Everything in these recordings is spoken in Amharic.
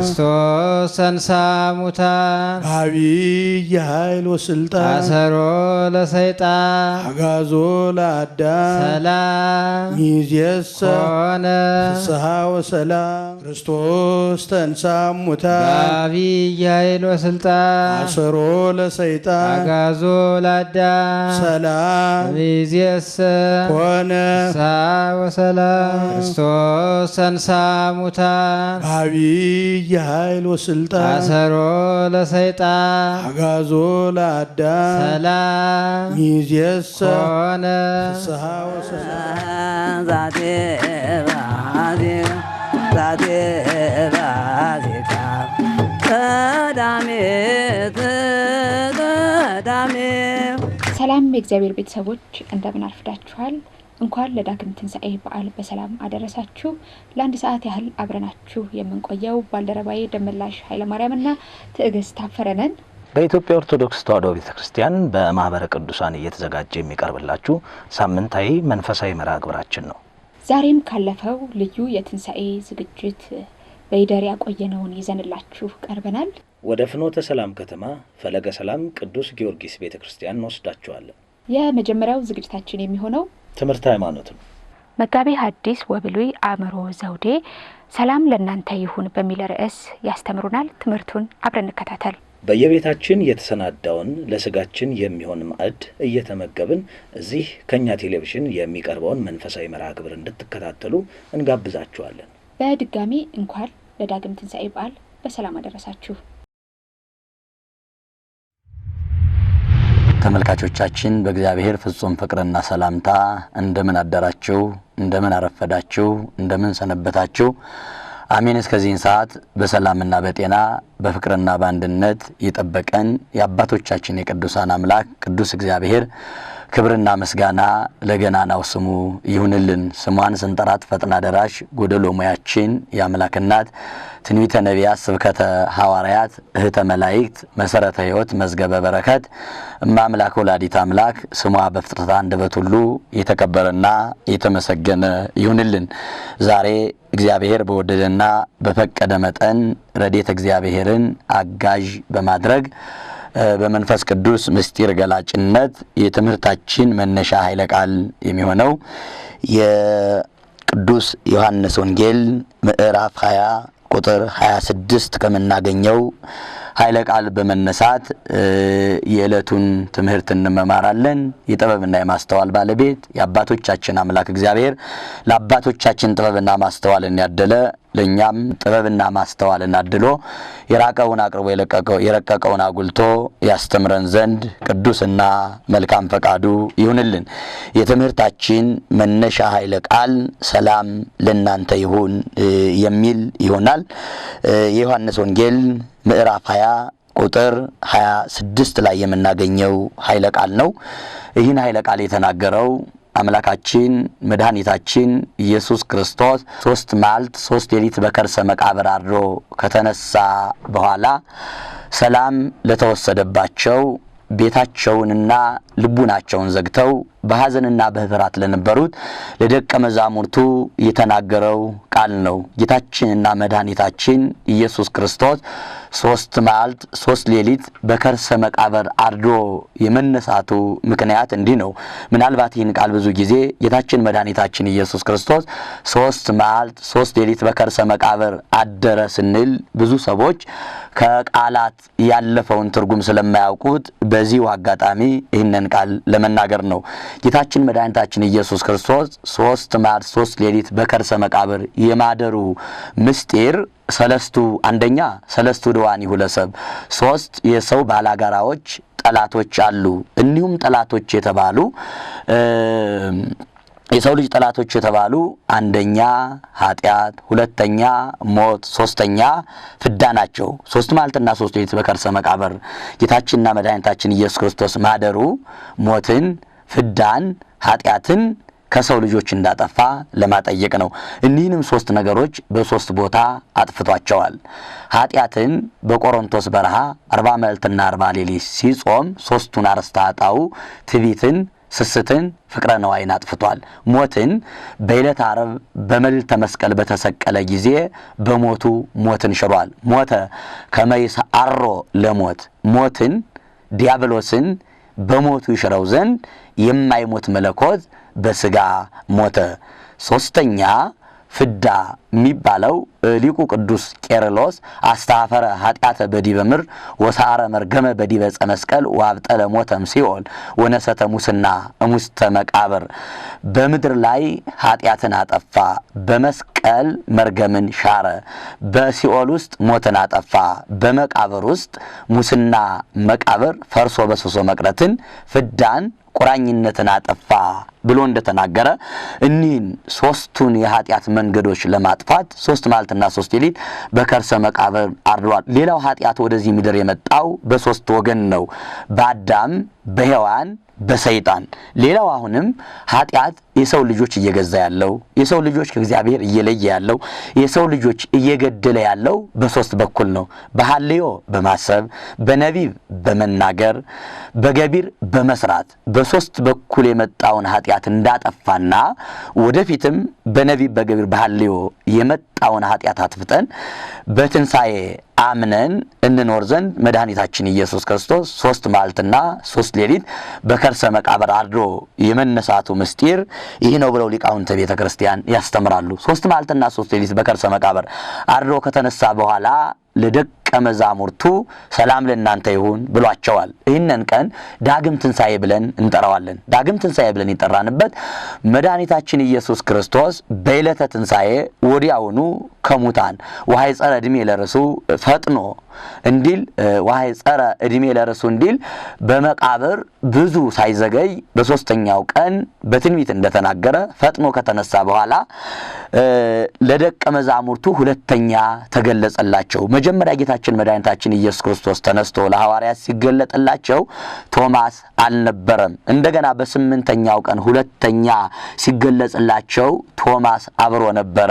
ክርስቶስ ተንሥአ እሙታን አቢይ ኃይል ወስልጣን አሰሮ ለሰይጣን አጋዞ ለአዳም ሰላም ሚዜሰ ኮነ ፍስሐ ወሰላም ክርስቶስ ተንሥአ እሙታን አቢይ ኃይል ወስልጣን አሰሮ ለሰይጣን አጋዞ ለአዳም ሰላም ሚዜሰ ኮነ ፍስሐ ወሰላም ክርስቶስ ተንሥአ እሙታን አቢይ በዓቢይ ኃይል ወስልጣን አሰሮ ለሰይጣን አጋዞ ለአዳም ሰላም ይእዜሰ ኮነ ሰላም የእግዚአብሔር ቤተሰቦች እንደምን አርፍዳችኋል? እንኳን ለዳግም ትንሣኤ በዓል በሰላም አደረሳችሁ። ለአንድ ሰዓት ያህል አብረናችሁ የምንቆየው ባልደረባዬ ደመላሽ ኃይለማርያምና ትዕግስት ታፈረነን። በኢትዮጵያ ኦርቶዶክስ ተዋሕዶ ቤተ ክርስቲያን በማኅበረ ቅዱሳን እየተዘጋጀ የሚቀርብላችሁ ሳምንታዊ መንፈሳዊ መርሃ ግብራችን ነው። ዛሬም ካለፈው ልዩ የትንሣኤ ዝግጅት በይደር ያቆየነውን ይዘንላችሁ ቀርበናል። ወደ ፍኖተ ሰላም ከተማ ፈለገ ሰላም ቅዱስ ጊዮርጊስ ቤተ ክርስቲያን እንወስዳችኋለን። የመጀመሪያው ዝግጅታችን የሚሆነው ትምህርት ሃይማኖት ነው። መጋቢ ሐዲስ ወብሉይ አእምሮ ዘውዴ ሰላም ለእናንተ ይሁን በሚል ርዕስ ያስተምሩናል። ትምህርቱን አብረን እንከታተል። በየቤታችን የተሰናዳውን ለስጋችን የሚሆን ማዕድ እየተመገብን እዚህ ከእኛ ቴሌቪዥን የሚቀርበውን መንፈሳዊ መርሃ ግብር እንድትከታተሉ እንጋብዛችኋለን። በድጋሚ እንኳን ለዳግም ትንሣኤ በዓል በሰላም አደረሳችሁ። ተመልካቾቻችን በእግዚአብሔር ፍጹም ፍቅርና ሰላምታ እንደምን አደራችሁ፣ እንደምን አረፈዳችሁ፣ እንደምን ሰነበታችሁ። አሜን። እስከዚህን ሰዓት በሰላምና በጤና በፍቅርና በአንድነት የጠበቀን የአባቶቻችን የቅዱሳን አምላክ ቅዱስ እግዚአብሔር ክብርና ምስጋና ለገናናው ስሙ ይሁንልን። ስሟን ስንጠራት ፈጥና ደራሽ ጎደሎ ሙያችን የአምላክ እናት ትንቢተ ነቢያት ስብከተ ሐዋርያት እህተ መላይክት መሰረተ ሕይወት መዝገበ በረከት እማ አምላክ ወላዲት አምላክ ስሟ በፍጥረት አንደበት ሁሉ የተከበረና የተመሰገነ ይሁንልን። ዛሬ እግዚአብሔር በወደደና በፈቀደ መጠን ረዴት እግዚአብሔርን አጋዥ በማድረግ በመንፈስ ቅዱስ ምስጢር ገላጭነት የትምህርታችን መነሻ ኃይለ ቃል የሚሆነው የቅዱስ ዮሐንስ ወንጌል ምዕራፍ 20 ቁጥር 26 ከምናገኘው ኃይለ ቃል በመነሳት የዕለቱን ትምህርት እንመማራለን። የጥበብና የማስተዋል ባለቤት የአባቶቻችን አምላክ እግዚአብሔር ለአባቶቻችን ጥበብና ማስተዋልን ያደለ ለእኛም ጥበብና ማስተዋልን አድሎ የራቀውን አቅርቦ የረቀቀውን አጉልቶ ያስተምረን ዘንድ ቅዱስና መልካም ፈቃዱ ይሁንልን። የትምህርታችን መነሻ ኃይለ ቃል ሰላም ለእናንተ ይሁን የሚል ይሆናል። የዮሐንስ ወንጌል ምዕራፍ 20 ቁጥር 26 ላይ የምናገኘው ኃይለ ቃል ነው። ይህን ኃይለ ቃል የተናገረው አምላካችን መድኃኒታችን ኢየሱስ ክርስቶስ ሶስት መዓልት ሶስት ሌሊት በከርሰ መቃብር አድሮ ከተነሳ በኋላ ሰላም ለተወሰደባቸው ቤታቸውንና ልቡናቸውን ዘግተው በሐዘንና በህብራት ለነበሩት ለደቀ መዛሙርቱ የተናገረው ቃል ነው። ጌታችንና መድኃኒታችን ኢየሱስ ክርስቶስ ሦስት መዓልት ሦስት ሌሊት በከርሰ መቃብር አርዶ የመነሳቱ ምክንያት እንዲህ ነው። ምናልባት ይህን ቃል ብዙ ጊዜ ጌታችን መድኃኒታችን ኢየሱስ ክርስቶስ ሦስት መዓልት ሦስት ሌሊት በከርሰ መቃብር አደረ ስንል ብዙ ሰዎች ከቃላት ያለፈውን ትርጉም ስለማያውቁት በዚሁ አጋጣሚ ይህንን ቃል ለመናገር ነው። ጌታችን መድኃኒታችን ኢየሱስ ክርስቶስ ሶስት ማር ሶስት ሌሊት በከርሰ መቃብር የማደሩ ምስጢር ሰለስቱ አንደኛ ሰለስቱ ድዋን ይሁለሰብ ሶስት የሰው ባላጋራዎች ጠላቶች አሉ። እንዲሁም ጠላቶች የተባሉ የሰው ልጅ ጠላቶች የተባሉ አንደኛ ኃጢአት፣ ሁለተኛ ሞት፣ ሶስተኛ ፍዳ ናቸው። ሶስት ማለትና ሶስት ሌሊት በከርሰ መቃብር ጌታችንና መድኃኒታችን ኢየሱስ ክርስቶስ ማደሩ ሞትን፣ ፍዳን፣ ኃጢአትን ከሰው ልጆች እንዳጠፋ ለማጠየቅ ነው። እኒህንም ሶስት ነገሮች በሶስት ቦታ አጥፍቷቸዋል። ኃጢአትን በቆሮንቶስ በረሃ አርባ መዓልትና አርባ ሌሊት ሲጾም ሶስቱን አርስተ ኃጣውእ ትቢትን ስስትን ፍቅረ ነዋይን አጥፍቷል። ሞትን በዕለተ ዓርብ በመልዕልተ መስቀል በተሰቀለ ጊዜ በሞቱ ሞትን ሽሯል። ሞተ ከመይስ አሮ ለሞት ሞትን ዲያብሎስን በሞቱ ይሽረው ዘንድ የማይሞት መለኮት በስጋ ሞተ። ሶስተኛ ፍዳ የሚባለው ሊቁ ቅዱስ ቄርሎስ አስተፈረ ኃጢአተ በዲበ ምድር ወሰአረ መርገመ በዲበ ዕፀ መስቀል ሞተም ሲኦል ወነሰተ ሙስና እሙስተ መቃብር በምድር ላይ ኃጢአትን አጠፋ፣ በመስቀል መርገምን ሻረ፣ በሲኦል ውስጥ ሞትን አጠፋ፣ በመቃብር ውስጥ ሙስና መቃብር ፈርሶ በስሶ መቅረትን ፍዳን ቁራኝነትን አጠፋ ብሎ እንደተናገረ እኒህን ሶስቱን የኃጢአት መንገዶች ለማ። በማጥፋት ሶስት ማልትና ሶስት ሌሊት በከርሰ መቃብር አርዷል። ሌላው ኃጢአት ወደዚህ ምድር የመጣው በሶስት ወገን ነው፣ በአዳም በሔዋን በሰይጣን ሌላው አሁንም ኃጢአት የሰው ልጆች እየገዛ ያለው የሰው ልጆች ከእግዚአብሔር እየለየ ያለው የሰው ልጆች እየገደለ ያለው በሶስት በኩል ነው። በሐልዮ በማሰብ በነቢብ በመናገር በገቢር በመስራት በሶስት በኩል የመጣውን ኃጢአት እንዳጠፋና ወደፊትም በነቢብ በገቢር በሐልዮ የመጣውን ኃጢአት አትፍጠን በትንሣኤ አምነን እንኖር ዘንድ መድኃኒታችን ኢየሱስ ክርስቶስ ሶስት ማልትና ሶስት ሌሊት በከርሰ መቃብር አድሮ የመነሳቱ ምስጢር ይህ ነው ብለው ሊቃውንተ ቤተ ክርስቲያን ያስተምራሉ። ሶስት ማልትና ሶስት ሌሊት በከርሰ መቃብር አድሮ ከተነሳ በኋላ ለደቅ ደቀ መዛሙርቱ ሰላም ለእናንተ ይሁን ብሏቸዋል። ይህንን ቀን ዳግም ትንሣኤ ብለን እንጠራዋለን። ዳግም ትንሣኤ ብለን የጠራንበት መድኃኒታችን ኢየሱስ ክርስቶስ በዕለተ ትንሣኤ ወዲያውኑ ከሙታን ውሃይ ጸረ ዕድሜ ለርሱ ፈጥኖ እንዲል ውሃይ ጸረ ዕድሜ ለርሱ እንዲል በመቃብር ብዙ ሳይዘገይ በሦስተኛው ቀን በትንቢት እንደተናገረ ፈጥኖ ከተነሳ በኋላ ለደቀ መዛሙርቱ ሁለተኛ ተገለጸላቸው። መጀመሪያ ጌታ ጌታችን መድኃኒታችን ኢየሱስ ክርስቶስ ተነስቶ ለሐዋርያት ሲገለጥላቸው ቶማስ አልነበረም። እንደገና በስምንተኛው ቀን ሁለተኛ ሲገለጽላቸው ቶማስ አብሮ ነበረ።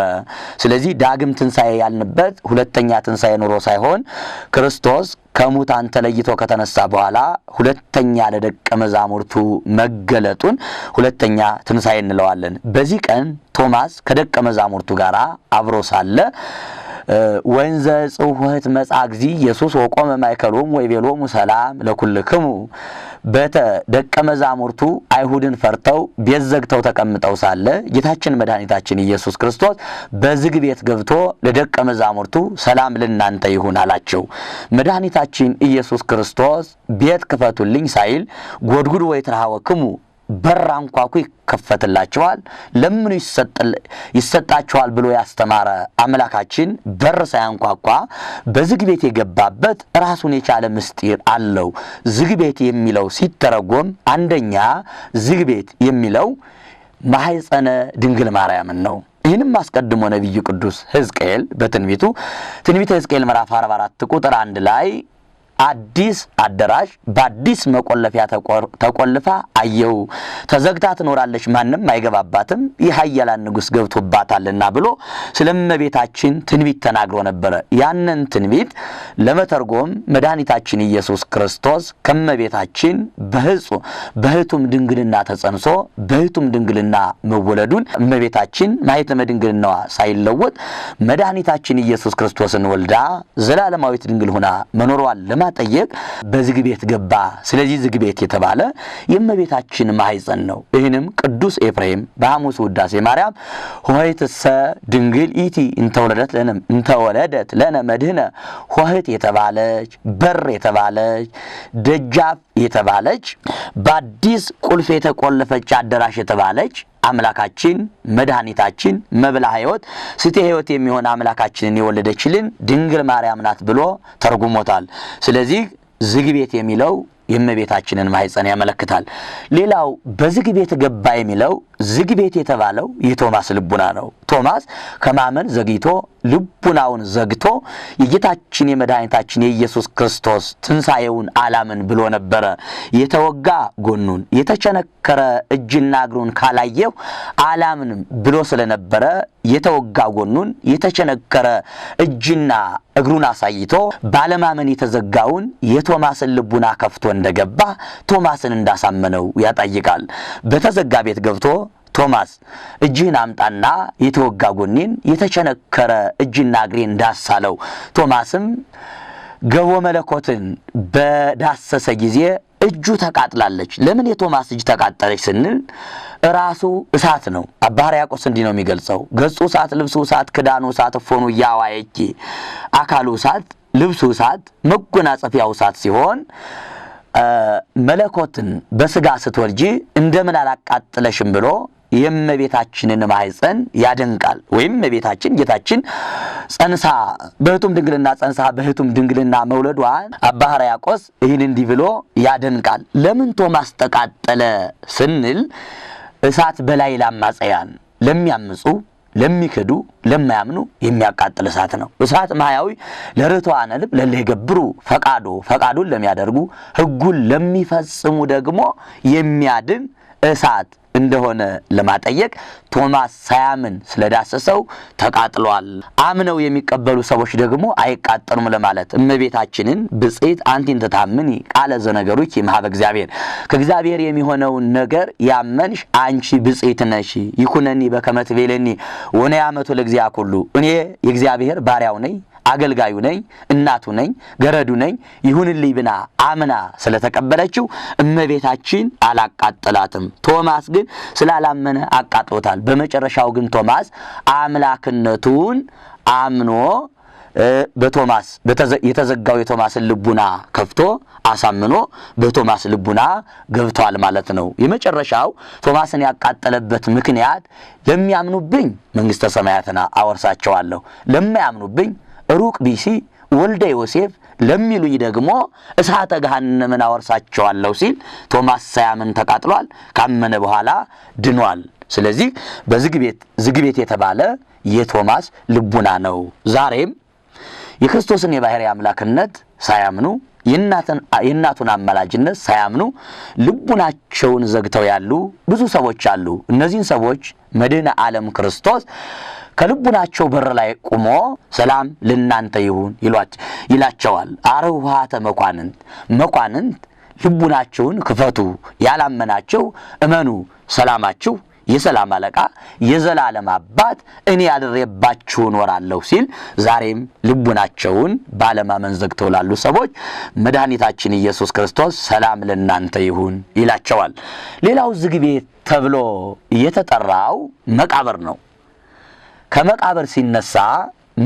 ስለዚህ ዳግም ትንሣኤ ያልንበት ሁለተኛ ትንሣኤ ኑሮ ሳይሆን ክርስቶስ ከሙታን ተለይቶ ከተነሳ በኋላ ሁለተኛ ለደቀ መዛሙርቱ መገለጡን ሁለተኛ ትንሣኤ እንለዋለን። በዚህ ቀን ቶማስ ከደቀ መዛሙርቱ ጋር አብሮ ሳለ ወንዘ ጽውህት መጻ እግዚ ኢየሱስ ወቆመ ማእከሎሙ ወይቤሎሙ ሰላም ለኩልክሙ በተ ደቀ መዛሙርቱ አይሁድን ፈርተው ቤት ዘግተው ተቀምጠው ሳለ ጌታችን መድኃኒታችን ኢየሱስ ክርስቶስ በዝግ ቤት ገብቶ ለደቀ መዛሙርቱ ሰላም ልናንተ ይሁን አላቸው። መድኃኒታችን ኢየሱስ ክርስቶስ ቤት ክፈቱልኝ ሳይል ጎድጉድ ወይ ወይትረሃወክሙ በር አንኳኩ ይከፈትላቸዋል፣ ለምኑ ይሰጣቸዋል ብሎ ያስተማረ አምላካችን በር ሳያንኳኳ በዝግ ቤት የገባበት ራሱን የቻለ ምስጢር አለው። ዝግ ቤት የሚለው ሲተረጎም አንደኛ ዝግ ቤት የሚለው ማኅፀነ ድንግል ማርያምን ነው። ይህንም አስቀድሞ ነቢዩ ቅዱስ ሕዝቅኤል በትንቢቱ ትንቢተ ሕዝቅኤል ምዕራፍ 44 ቁጥር አንድ ላይ አዲስ አዳራሽ በአዲስ መቆለፊያ ተቆልፋ አየው። ተዘግታ ትኖራለች፣ ማንም አይገባባትም፣ የሀያላን ንጉሥ ገብቶባታልና ብሎ ስለ እመቤታችን ትንቢት ተናግሮ ነበረ። ያንን ትንቢት ለመተርጎም መድኃኒታችን ኢየሱስ ክርስቶስ ከእመቤታችን በህጹ በህቱም ድንግልና ተጸንሶ በህቱም ድንግልና መወለዱን እመቤታችን ማኅተመ ድንግልናዋ ሳይለወጥ መድኃኒታችን ኢየሱስ ክርስቶስን ወልዳ ዘላለማዊት ድንግል ሆና መኖሯን ለማ ለመጠየቅ በዝግ ቤት ገባ። ስለዚህ ዝግ ቤት የተባለ የእመቤታችን ማኅፀን ነው። ይህንም ቅዱስ ኤፍሬም በሐሙስ ውዳሴ ማርያም ሆይትሰ ድንግል ኢቲ እንተወለደት ለነ መድህነ ኆኅት የተባለች በር የተባለች ደጃፍ የተባለች በአዲስ ቁልፍ የተቆለፈች አዳራሽ የተባለች አምላካችን መድኃኒታችን መብላ ሕይወት ስቴ ሕይወት የሚሆን አምላካችንን የወለደችልን ድንግል ማርያም ናት ብሎ ተርጉሞታል። ስለዚህ ዝግ ቤት የሚለው የእመቤታችንን ማኅፀን ያመለክታል። ሌላው በዝግ ቤት ገባ የሚለው ዝግ ቤት የተባለው የቶማስ ልቡና ነው። ቶማስ ከማመን ዘግይቶ ልቡናውን ዘግቶ የጌታችን የመድኃኒታችን የኢየሱስ ክርስቶስ ትንሣኤውን አላምን ብሎ ነበረ። የተወጋ ጎኑን የተቸነከረ እጅና እግሩን ካላየው አላምንም ብሎ ስለነበረ የተወጋ ጎኑን የተቸነከረ እጅና እግሩን አሳይቶ ባለማመን የተዘጋውን የቶማስን ልቡና ከፍቶ እንደገባ ቶማስን እንዳሳመነው ያጠይቃል። በተዘጋ ቤት ገብቶ ቶማስ እጅህን አምጣና የተወጋ ጎኔን የተቸነከረ እጅና እግሬን ዳሳለው። ቶማስም ገቦ መለኮትን በዳሰሰ ጊዜ እጁ ተቃጥላለች። ለምን የቶማስ እጅ ተቃጠለች ስንል ራሱ እሳት ነው። አባ ሕርያቆስ እንዲህ ነው የሚገልጸው፣ ገጹ እሳት፣ ልብሱ እሳት፣ ክዳኑ እሳት፣ እፎኑ እያዋየች አካሉ እሳት፣ ልብሱ እሳት፣ መጎናጸፊያው እሳት ሲሆን መለኮትን በስጋ ስትወልጂ እንደምን አላቃጥለሽም ብሎ የእመቤታችንን ማህፀን ያደንቃል። ወይም እመቤታችን ጌታችን ጸንሳ በህቱም ድንግልና ጸንሳ በህቱም ድንግልና መውለዷ አባ ሕርያቆስ ይህን እንዲህ ብሎ ያደንቃል። ለምን ቶማስ ተቃጠለ ስንል እሳት በላይ ላማፀያን ለሚያምፁ ለሚክዱ ለማያምኑ የሚያቃጥል እሳት ነው። እሳት ማያዊ ለርቱዓነ ልብ ለለ ይገብሩ ፈቃዱ ፈቃዱን ለሚያደርጉ ህጉን ለሚፈጽሙ ደግሞ የሚያድን እሳት እንደሆነ ለማጠየቅ ቶማስ ሳያምን ስለዳሰሰው ተቃጥሏል። አምነው የሚቀበሉ ሰዎች ደግሞ አይቃጠሉም ለማለት እመቤታችንን ብጽት አንቲን ተታምኒ ቃለ ዘነገሩኪ የመሀበ እግዚአብሔር፣ ከእግዚአብሔር የሚሆነውን ነገር ያመንሽ አንቺ ብጽት ነሽ። ይኩነኒ በከመት በከመ ወነ ያመቱ ለእግዚአ ኩሉ፣ እኔ የእግዚአብሔር ባሪያው ነኝ አገልጋዩ ነኝ፣ እናቱ ነኝ፣ ገረዱ ነኝ ይሁንልኝ ብና አምና ስለተቀበለችው እመቤታችን አላቃጠላትም። ቶማስ ግን ስላላመነ አቃጥሎታል። በመጨረሻው ግን ቶማስ አምላክነቱን አምኖ በቶማስ የተዘጋው የቶማስን ልቡና ከፍቶ አሳምኖ በቶማስ ልቡና ገብቷል ማለት ነው። የመጨረሻው ቶማስን ያቃጠለበት ምክንያት ለሚያምኑብኝ መንግሥተ ሰማያትን አወርሳቸዋለሁ፣ ለማያምኑብኝ ሩቅ ቢሲ ወልደ ዮሴፍ ለሚሉኝ ደግሞ እሳተ ገሃነምን አወርሳቸዋለሁ ሲል ቶማስ ሳያምን ተቃጥሏል። ካመነ በኋላ ድኗል። ስለዚህ በዝግቤት ዝግቤት የተባለ የቶማስ ልቡና ነው። ዛሬም የክርስቶስን የባሕርይ አምላክነት ሳያምኑ የእናቱን አማላጅነት ሳያምኑ ልቡናቸውን ዘግተው ያሉ ብዙ ሰዎች አሉ። እነዚህን ሰዎች መድኃኔ ዓለም ክርስቶስ ከልቡናቸው በር ላይ ቁሞ ሰላም ልናንተ ይሁን ይላቸዋል። አርባሕተ መኳንንት መኳንንት ልቡናቸውን ክፈቱ፣ ያላመናቸው እመኑ፣ ሰላማችሁ የሰላም አለቃ የዘላለም አባት እኔ ያድሬባችሁ እኖራለሁ ሲል ዛሬም ልቡናቸውን ዘግተው ላሉ ሰዎች መድኃኒታችን ኢየሱስ ክርስቶስ ሰላም ለእናንተ ይሁን ይላቸዋል። ሌላው ዝግ ቤት ተብሎ የተጠራው መቃብር ነው። ከመቃብር ሲነሳ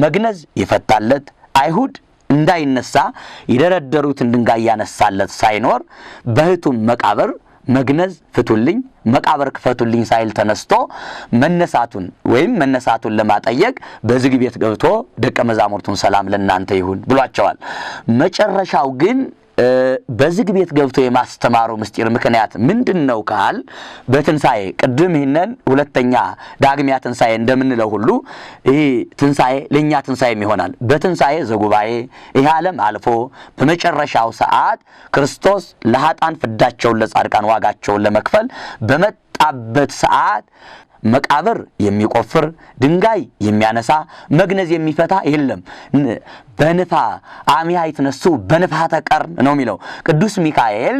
መግነዝ ይፈታለት አይሁድ እንዳይነሳ የደረደሩትን ድንጋይ ያነሳለት ሳይኖር በህቱም መቃብር መግነዝ ፍቱልኝ፣ መቃብር ክፈቱልኝ ሳይል ተነስቶ መነሳቱን ወይም መነሳቱን ለማጠየቅ በዝግ ቤት ገብቶ ደቀ መዛሙርቱን ሰላም ለእናንተ ይሁን ብሏቸዋል። መጨረሻው ግን በዝግ ቤት ገብቶ የማስተማሩ ምስጢር ምክንያት ምንድን ነው ካል በትንሣኤ ቅድም ይህንን ሁለተኛ ዳግሚያ ትንሣኤ እንደምንለው ሁሉ ይህ ትንሣኤ ለእኛ ትንሣኤም ይሆናል። በትንሣኤ ዘጉባኤ ይህ ዓለም አልፎ በመጨረሻው ሰዓት ክርስቶስ ለኃጣን ፍዳቸውን ለጻድቃን ዋጋቸውን ለመክፈል በመጣበት ሰዓት መቃብር የሚቆፍር ድንጋይ የሚያነሳ መግነዝ የሚፈታ የለም። በንፋ አሚያ ይትነሱ በንፋተ ቀርም ነው የሚለው። ቅዱስ ሚካኤል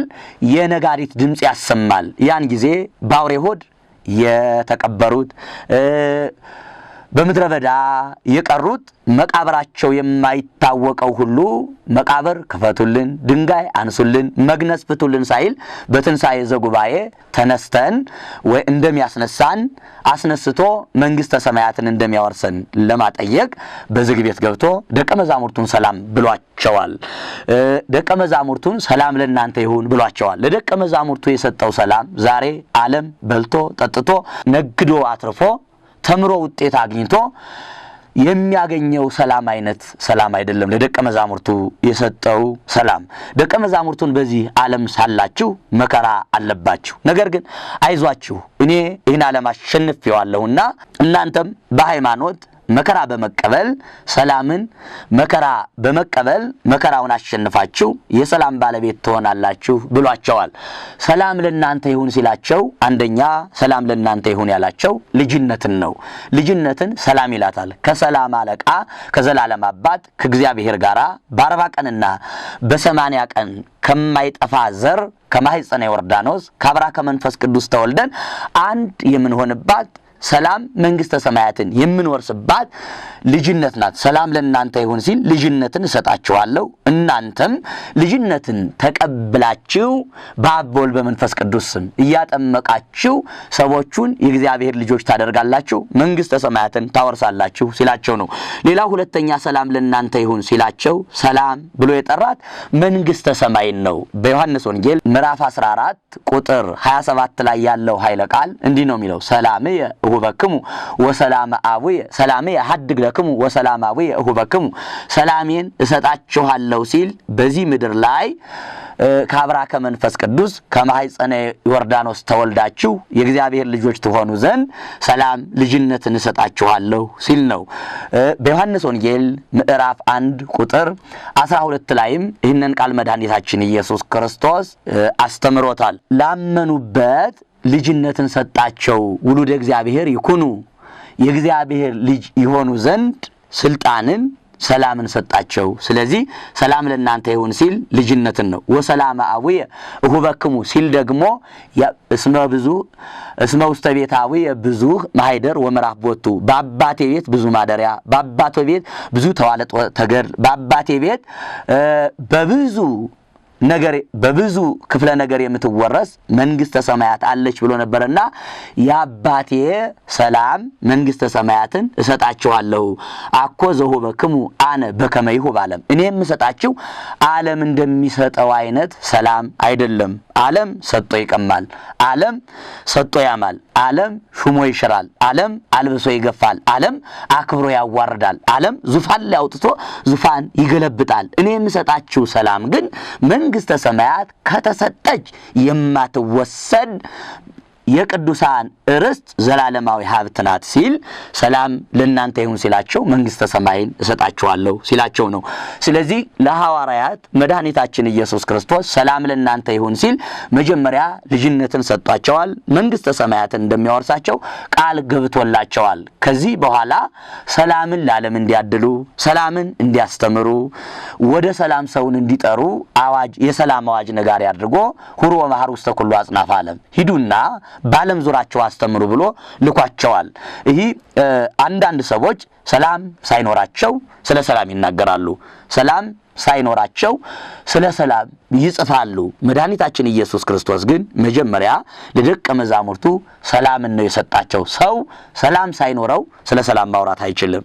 የነጋሪት ድምፅ ያሰማል። ያን ጊዜ በአውሬ ሆድ የተቀበሩት በምድረ በዳ የቀሩት መቃብራቸው የማይታወቀው ሁሉ መቃብር ክፈቱልን፣ ድንጋይ አንሱልን፣ መግነዝ ፍቱልን ሳይል በትንሣኤ ዘጉባኤ ተነስተን ወይ እንደሚያስነሳን አስነስቶ መንግሥተ ሰማያትን እንደሚያወርሰን ለማጠየቅ በዝግ ቤት ገብቶ ደቀ መዛሙርቱን ሰላም ብሏቸዋል። ደቀ መዛሙርቱን ሰላም ለእናንተ ይሁን ብሏቸዋል። ለደቀ መዛሙርቱ የሰጠው ሰላም ዛሬ ዓለም በልቶ ጠጥቶ ነግዶ አትርፎ ተምሮ ውጤት አግኝቶ የሚያገኘው ሰላም አይነት ሰላም አይደለም። ለደቀ መዛሙርቱ የሰጠው ሰላም ደቀ መዛሙርቱን በዚህ ዓለም ሳላችሁ መከራ አለባችሁ፣ ነገር ግን አይዟችሁ እኔ ይህን ዓለም አሸንፌዋለሁና እናንተም በሃይማኖት መከራ በመቀበል ሰላምን መከራ በመቀበል መከራውን አሸንፋችሁ የሰላም ባለቤት ትሆናላችሁ ብሏቸዋል። ሰላም ለእናንተ ይሁን ሲላቸው አንደኛ ሰላም ለእናንተ ይሁን ያላቸው ልጅነትን ነው። ልጅነትን ሰላም ይላታል። ከሰላም አለቃ ከዘላለም አባት ከእግዚአብሔር ጋር በአርባ ቀንና በሰማንያ ቀን ከማይጠፋ ዘር ከማህፀነ ዮርዳኖስ ከአብራ ከመንፈስ ቅዱስ ተወልደን አንድ የምንሆንባት ሰላም መንግስተ ሰማያትን የምንወርስባት ልጅነት ናት። ሰላም ለእናንተ ይሁን ሲል ልጅነትን እሰጣችኋለሁ፣ እናንተም ልጅነትን ተቀብላችሁ በአብ በወልድ በመንፈስ ቅዱስ ስም እያጠመቃችሁ ሰዎቹን የእግዚአብሔር ልጆች ታደርጋላችሁ፣ መንግስተ ሰማያትን ታወርሳላችሁ ሲላቸው ነው። ሌላ ሁለተኛ ሰላም ለእናንተ ይሁን ሲላቸው ሰላም ብሎ የጠራት መንግስተ ሰማይን ነው። በዮሐንስ ወንጌል ምዕራፍ 14 ቁጥር 27 ላይ ያለው ኃይለ ቃል እንዲህ ነው የሚለው ሰላም እሁበክሙ ወሰላመ አቡየ ሰላሜ አሐድግ ለክሙ ወሰላመ አቡየ እሁበክሙ ሰላሜን እሰጣችኋለሁ ሲል በዚህ ምድር ላይ ከአብራከ መንፈስ ቅዱስ ከማኅፀነ ዮርዳኖስ ተወልዳችሁ የእግዚአብሔር ልጆች ትሆኑ ዘንድ ሰላም ልጅነትን እሰጣችኋለሁ ሲል ነው። በዮሐንስ ወንጌል ምዕራፍ አንድ ቁጥር አስራ ሁለት ላይም ይህንን ቃል መድኃኒታችን ኢየሱስ ክርስቶስ አስተምሮታል። ላመኑበት ልጅነትን ሰጣቸው። ውሉደ እግዚአብሔር ይኩኑ የእግዚአብሔር ልጅ ይሆኑ ዘንድ ስልጣንን ሰላምን ሰጣቸው። ስለዚህ ሰላም ለእናንተ ይሁን ሲል ልጅነትን ነው። ወሰላም አቡየ እሁበክሙ ሲል ደግሞ እስመ ብዙ እስመ ውስተ ቤት አቡየ ብዙ ማህደር ወምዕራፍ ቦቱ በአባቴ ቤት ብዙ ማደሪያ፣ በአባቶ ቤት ብዙ ተዋለጦ ተገድል፣ በአባቴ ቤት በብዙ ነገር በብዙ ክፍለ ነገር የምትወረስ መንግስተ ሰማያት አለች ብሎ ነበርና የአባቴ ሰላም መንግስተ ሰማያትን እሰጣችኋለሁ አኮ ዘሆበክሙ አነ በከመይሁ ባለም እኔ የምሰጣችሁ ዓለም እንደሚሰጠው አይነት ሰላም አይደለም ዓለም ሰጥቶ ይቀማል፣ ዓለም ሰጥቶ ያማል፣ ዓለም ሹሞ ይሽራል፣ ዓለም አልብሶ ይገፋል፣ ዓለም አክብሮ ያዋርዳል፣ ዓለም ዙፋን ላይ አውጥቶ ዙፋን ይገለብጣል። እኔ የምሰጣችሁ ሰላም ግን መንግሥተ ሰማያት ከተሰጠች የማትወሰድ የቅዱሳን ርስት ዘላለማዊ ሀብት ናት ሲል ሰላም ለእናንተ ይሁን ሲላቸው መንግስተ ሰማይን እሰጣችኋለሁ ሲላቸው ነው። ስለዚህ ለሐዋርያት መድኃኒታችን ኢየሱስ ክርስቶስ ሰላም ለእናንተ ይሁን ሲል መጀመሪያ ልጅነትን ሰጧቸዋል። መንግስተ ሰማያትን እንደሚያወርሳቸው ቃል ገብቶላቸዋል። ከዚህ በኋላ ሰላምን ለዓለም እንዲያድሉ፣ ሰላምን እንዲያስተምሩ፣ ወደ ሰላም ሰውን እንዲጠሩ አዋጅ የሰላም አዋጅ ነጋሪ አድርጎ ሁሮ መሐር ውስተ ኩሉ አጽናፍ ዓለም ሂዱና በዓለም ዙራቸው አስተምሩ ብሎ ልኳቸዋል። ይህ አንዳንድ ሰዎች ሰላም ሳይኖራቸው ስለ ሰላም ይናገራሉ። ሰላም ሳይኖራቸው ስለ ሰላም ይጽፋሉ። መድኃኒታችን ኢየሱስ ክርስቶስ ግን መጀመሪያ ለደቀ መዛሙርቱ ሰላምን ነው የሰጣቸው። ሰው ሰላም ሳይኖረው ስለ ሰላም ማውራት አይችልም።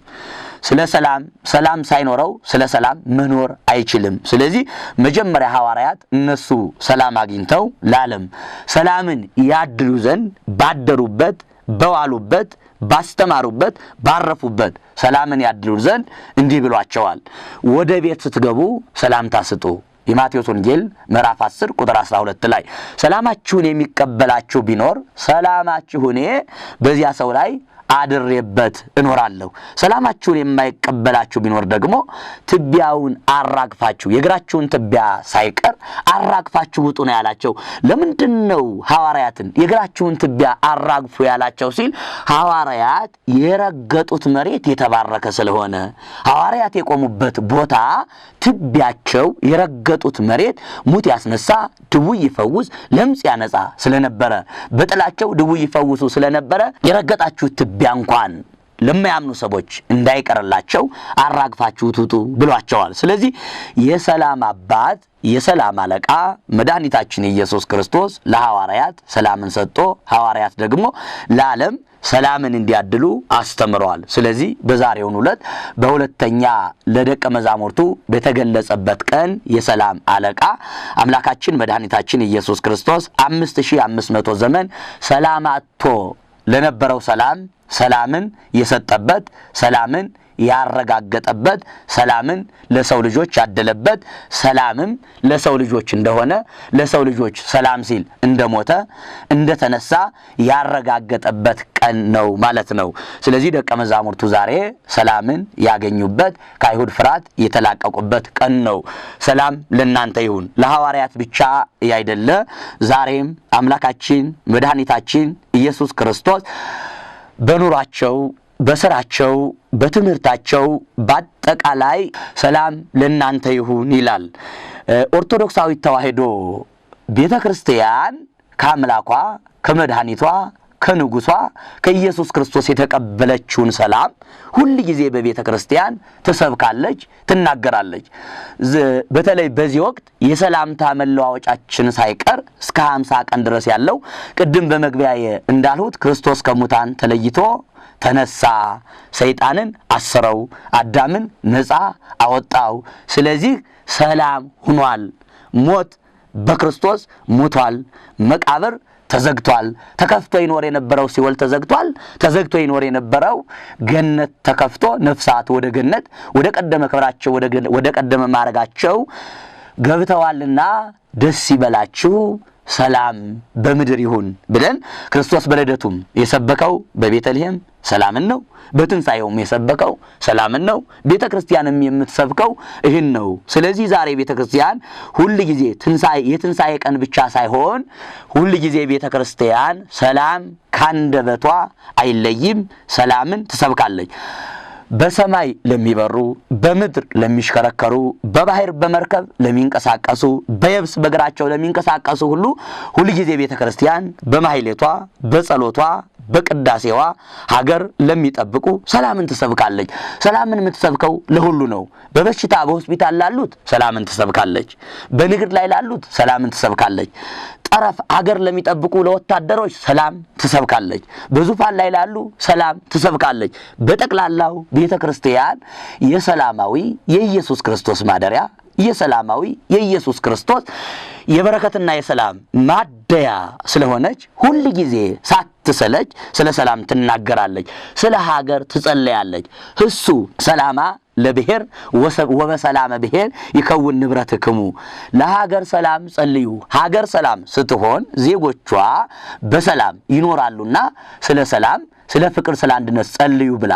ስለ ሰላም ሰላም ሳይኖረው ስለ ሰላም መኖር አይችልም። ስለዚህ መጀመሪያ ሐዋርያት እነሱ ሰላም አግኝተው ለዓለም ሰላምን ያድሉ ዘንድ ባደሩበት፣ በዋሉበት፣ ባስተማሩበት፣ ባረፉበት ሰላምን ያድሉ ዘንድ እንዲህ ብሏቸዋል። ወደ ቤት ስትገቡ ሰላምታ ስጡ። የማቴዎስ ወንጌል ምዕራፍ 10 ቁጥር 12 ላይ ሰላማችሁን የሚቀበላችሁ ቢኖር ሰላማችሁ እኔ በዚያ ሰው ላይ አድሬበት እኖራለሁ። ሰላማችሁን የማይቀበላችሁ ቢኖር ደግሞ ትቢያውን አራግፋችሁ የእግራችሁን ትቢያ ሳይቀር አራግፋችሁ ውጡ ነው ያላቸው። ለምንድን ነው ሐዋርያትን የእግራችሁን ትቢያ አራግፉ ያላቸው ሲል ሐዋርያት የረገጡት መሬት የተባረከ ስለሆነ፣ ሐዋርያት የቆሙበት ቦታ ትቢያቸው የረገጡት መሬት ሙት ያስነሳ፣ ድውይ ይፈውስ፣ ለምጽ ያነጻ ስለነበረ በጥላቸው ድውይ ይፈውሱ ስለነበረ የረገጣችሁት ትቢያ ትቢያ እንኳን ለማያምኑ ሰዎች እንዳይቀርላቸው አራግፋችሁ ትውጡ ብሏቸዋል። ስለዚህ የሰላም አባት የሰላም አለቃ መድኃኒታችን ኢየሱስ ክርስቶስ ለሐዋርያት ሰላምን ሰጥቶ ሐዋርያት ደግሞ ለዓለም ሰላምን እንዲያድሉ አስተምረዋል። ስለዚህ በዛሬውን ዕለት በሁለተኛ ለደቀ መዛሙርቱ በተገለጸበት ቀን የሰላም አለቃ አምላካችን መድኃኒታችን ኢየሱስ ክርስቶስ መቶ ዘመን ሰላም አጥቶ ለነበረው ሰላም ሰላምን የሰጠበት ሰላምን ያረጋገጠበት፣ ሰላምን ለሰው ልጆች ያደለበት፣ ሰላምም ለሰው ልጆች እንደሆነ ለሰው ልጆች ሰላም ሲል እንደሞተ እንደተነሳ ያረጋገጠበት ቀን ነው ማለት ነው። ስለዚህ ደቀ መዛሙርቱ ዛሬ ሰላምን ያገኙበት፣ ከአይሁድ ፍርሃት የተላቀቁበት ቀን ነው። ሰላም ለእናንተ ይሁን። ለሐዋርያት ብቻ ያይደለ ዛሬም አምላካችን መድኃኒታችን ኢየሱስ ክርስቶስ በኑሯቸው በስራቸው፣ በትምህርታቸው፣ በአጠቃላይ ሰላም ለእናንተ ይሁን ይላል። ኦርቶዶክሳዊት ተዋሕዶ ቤተ ክርስቲያን ከአምላኳ ከመድኃኒቷ ከንጉሷ ከኢየሱስ ክርስቶስ የተቀበለችውን ሰላም ሁል ጊዜ በቤተ ክርስቲያን ትሰብካለች፣ ትናገራለች። በተለይ በዚህ ወቅት የሰላምታ መለዋወጫችን ሳይቀር እስከ ሀምሳ ቀን ድረስ ያለው ቅድም በመግቢያ እንዳልሁት ክርስቶስ ከሙታን ተለይቶ ተነሳ፣ ሰይጣንን አስረው አዳምን ነፃ አወጣው። ስለዚህ ሰላም ሁኗል። ሞት በክርስቶስ ሙቷል። መቃብር ተዘግቷል። ተከፍቶ ይኖር የነበረው ሲወል ተዘግቷል። ተዘግቶ ይኖር የነበረው ገነት ተከፍቶ ነፍሳት ወደ ገነት ወደ ቀደመ ክብራቸው ወደ ቀደመ ማረጋቸው ገብተዋልና ደስ ይበላችሁ ሰላም በምድር ይሁን ብለን ክርስቶስ በልደቱም የሰበከው በቤተልሔም ሰላምን ነው። በትንሣኤውም የሰበከው ሰላምን ነው። ቤተ ክርስቲያንም የምትሰብከው ይህን ነው። ስለዚህ ዛሬ ቤተ ክርስቲያን ሁል ጊዜ የትንሣኤ ቀን ብቻ ሳይሆን ሁል ጊዜ ቤተ ክርስቲያን ሰላም ካንደበቷ አይለይም፣ ሰላምን ትሰብካለች። በሰማይ ለሚበሩ፣ በምድር ለሚሽከረከሩ፣ በባህር በመርከብ ለሚንቀሳቀሱ፣ በየብስ በእግራቸው ለሚንቀሳቀሱ ሁሉ ሁልጊዜ ቤተ ክርስቲያን በማሕሌቷ በጸሎቷ በቅዳሴዋ ሀገር ለሚጠብቁ ሰላምን ትሰብካለች። ሰላምን የምትሰብከው ለሁሉ ነው። በበሽታ በሆስፒታል ላሉት ሰላምን ትሰብካለች። በንግድ ላይ ላሉት ሰላምን ትሰብካለች። ጠረፍ አገር ለሚጠብቁ ለወታደሮች ሰላም ትሰብካለች። በዙፋን ላይ ላሉ ሰላም ትሰብካለች። በጠቅላላው ቤተ ክርስቲያን የሰላማዊ የኢየሱስ ክርስቶስ ማደሪያ የሰላማዊ የኢየሱስ ክርስቶስ የበረከትና የሰላም ማደያ ስለሆነች ሁል ጊዜ ሳትሰለች ስለ ሰላም ትናገራለች፣ ስለ ሀገር ትጸለያለች። እሱ ሰላማ ለብሔር ወበሰላመ ብሔር ይከውን ንብረት ህክሙ ለሀገር ሰላም ጸልዩ። ሀገር ሰላም ስትሆን ዜጎቿ በሰላም ይኖራሉና ስለ ሰላም ስለ ፍቅር፣ ስለ አንድነት ጸልዩ ብላ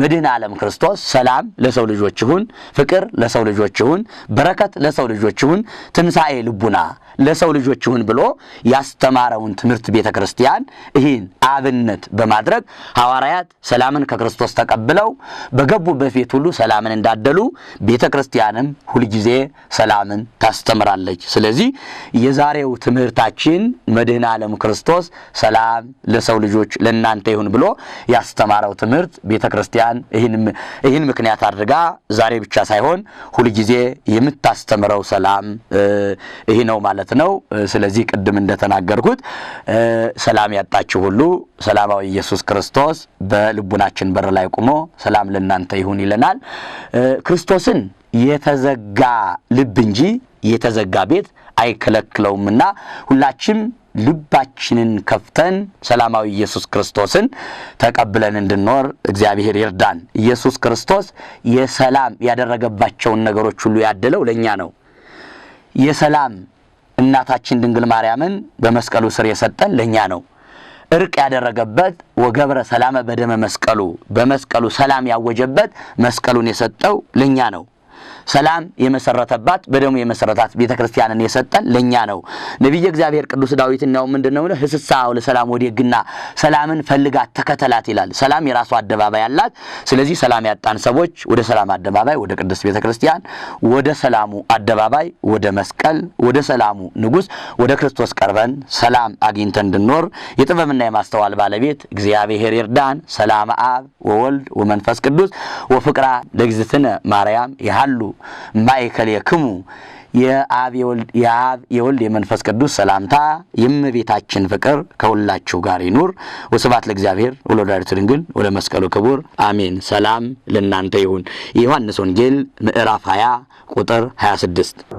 ምድን ዓለም ክርስቶስ ሰላም ለሰው ልጆች ይሁን፣ ፍቅር ለሰው ልጆች ይሁን፣ በረከት ለሰው ልጆች ይሁን፣ ትንሣኤ ልቡና ለሰው ልጆች ይሁን ብሎ ያስተማረውን ትምህርት ቤተ ክርስቲያን ይህን አብነት በማድረግ ሐዋርያት ሰላምን ከክርስቶስ ተቀብለው በገቡ በፊት ሁሉ ሰላምን እንዳደሉ ቤተ ክርስቲያንም ሁልጊዜ ሰላምን ታስተምራለች። ስለዚህ የዛሬው ትምህርታችን መድኃኔ ዓለም ክርስቶስ ሰላም ለሰው ልጆች ለእናንተ ይሁን ብሎ ያስተማረው ትምህርት ቤተ ክርስቲያን ይህን ምክንያት አድርጋ ዛሬ ብቻ ሳይሆን ሁልጊዜ የምታስተምረው ሰላም ይህ ነው ማለት ነው። ስለዚህ ቅድም እንደተናገርኩት ሰላም ያጣችሁ ሁሉ ሰላማዊ ኢየሱስ ክርስቶስ በልቡናችን በር ላይ ቁሞ ሰላም ለእናንተ ይሁን ይለናል። ክርስቶስን የተዘጋ ልብ እንጂ የተዘጋ ቤት አይከለክለውምና ሁላችም ልባችንን ከፍተን ሰላማዊ ኢየሱስ ክርስቶስን ተቀብለን እንድንኖር እግዚአብሔር ይርዳን። ኢየሱስ ክርስቶስ የሰላም ያደረገባቸውን ነገሮች ሁሉ ያደለው ለእኛ ነው። የሰላም እናታችን ድንግል ማርያምን በመስቀሉ ስር የሰጠን ለእኛ ነው። እርቅ ያደረገበት ወገብረ ሰላመ በደመ መስቀሉ፣ በመስቀሉ ሰላም ያወጀበት መስቀሉን የሰጠው ለእኛ ነው። ሰላም የመሰረተባት በደሙ የመሰረታት ቤተ ክርስቲያንን የሰጠን ለእኛ ነው። ነቢየ እግዚአብሔር ቅዱስ ዳዊት እናው ምንድን ነው ህስሳው ለሰላም ወዴግና ሰላምን ፈልጋት ተከተላት ይላል። ሰላም የራሱ አደባባይ አላት። ስለዚህ ሰላም ያጣን ሰዎች ወደ ሰላም አደባባይ፣ ወደ ቅዱስ ቤተ ክርስቲያን፣ ወደ ሰላሙ አደባባይ፣ ወደ መስቀል፣ ወደ ሰላሙ ንጉሥ፣ ወደ ክርስቶስ ቀርበን ሰላም አግኝተን እንድንኖር የጥበብና የማስተዋል ባለቤት እግዚአብሔር ይርዳን። ሰላም አብ ወወልድ ወመንፈስ ቅዱስ ወፍቅራ ለእግዝእትነ ማርያም ይሃሉ ማእከሌክሙ የአብ የወልድ የመንፈስ ቅዱስ ሰላምታ የእመቤታችን ፍቅር ከሁላችሁ ጋር ይኑር። ወስብሐት ለእግዚአብሔር ወለወላዲቱ ድንግል ወለመስቀሉ ክቡር አሜን። ሰላም ለእናንተ ይሁን። የዮሐንስ ወንጌል ምዕራፍ 20 ቁጥር 26